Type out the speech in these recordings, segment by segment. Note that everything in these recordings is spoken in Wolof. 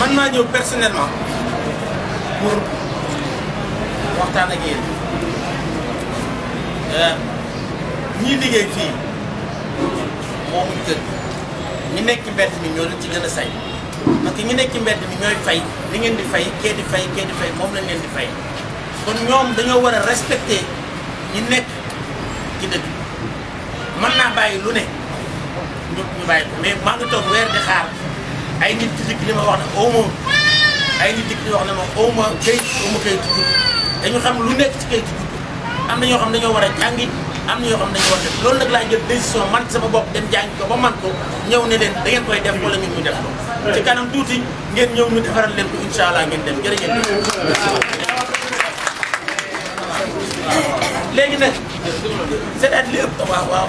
man naa ñëw personnellement pour waxtaan ak yéen euh, ñii liggéey fii moomuñ kër ñi nekk ci mbedd mi ñoo ci gën a say parce nekk ci mbedd ñooy fay li ngeen di fay kee di fay kee di fay moom lañ leen di fay kon ñoom dañoo war a respecter ñi nekk ci dëkk mën naa bàyyi lu ne ñu ñu bàyyi ko mais maa ngi toog weer di xaar. ay nit dikk li ma wax ne aw ma ay nit dikk li ne ma aw ma kayit aw ma dañu xam lu nekk ci kayit judd am na ñoo xam ne dañoo war a jàngi am na ñoo xam dañoo war a def nag laa jël décision man sama bopp dem jàngi ko ba man ko ñëw ne leen da ngeen koy def wala ñun ñu def ko ci kanam tuuti ngeen ñëw ñu defaral leen ko incha allah ngeen dem jërëjëf léegi nag c'est-à-dire li ëpp waaw waaw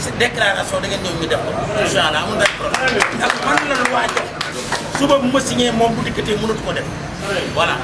si déclaration da ngeen ñëw ñu def ko incha allah amul benn ndax man la lu suba bu ma signé moom bu dikkatee mënatu ko def voilà